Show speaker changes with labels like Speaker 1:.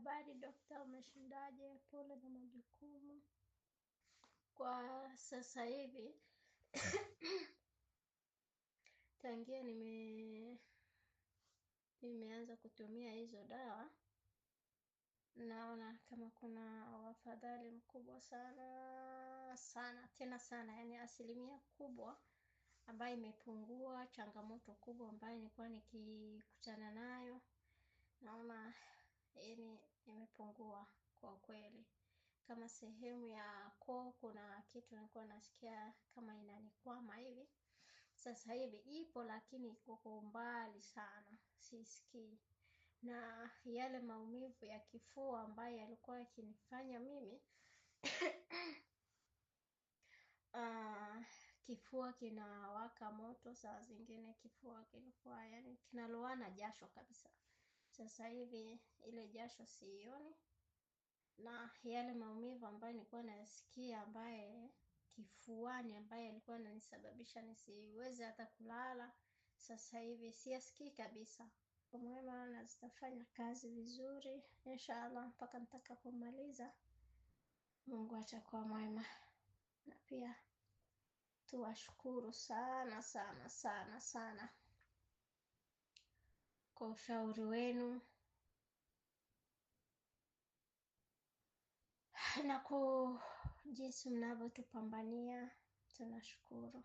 Speaker 1: Habari dokta, umeshindaje? Pole na majukumu. Kwa sasa hivi tangia nime nimeanza kutumia hizo dawa, naona kama kuna wafadhali mkubwa sana sana tena sana, yani asilimia kubwa ambayo imepungua. Changamoto kubwa ambayo nilikuwa nikikutana nayo naona yaani imepungua kwa kweli. Kama sehemu ya koo kuna kitu nilikuwa nasikia kama inanikwama hivi, sasa hivi ipo, lakini iko kwa umbali sana, sisikii. Na yale maumivu ya kifua ambayo yalikuwa yakinifanya mimi Uh, kifua kinawaka moto, saa zingine kifua kilikuwa yani kinaloana jasho kabisa. Sasa hivi ile jasho siioni, na yale maumivu ambayo nilikuwa nayasikia ambaye kifuani, ambaye yalikuwa nanisababisha nisiweze hata kulala, sasa hivi siyasikii kabisa. Mwema na zitafanya kazi vizuri inshallah, mpaka nitakapomaliza. Mungu atakuwa mwema, na pia tuwashukuru sana sana sana sana kwa ushauri wenu na kwa jinsi mnavyotupambania. Tunashukuru.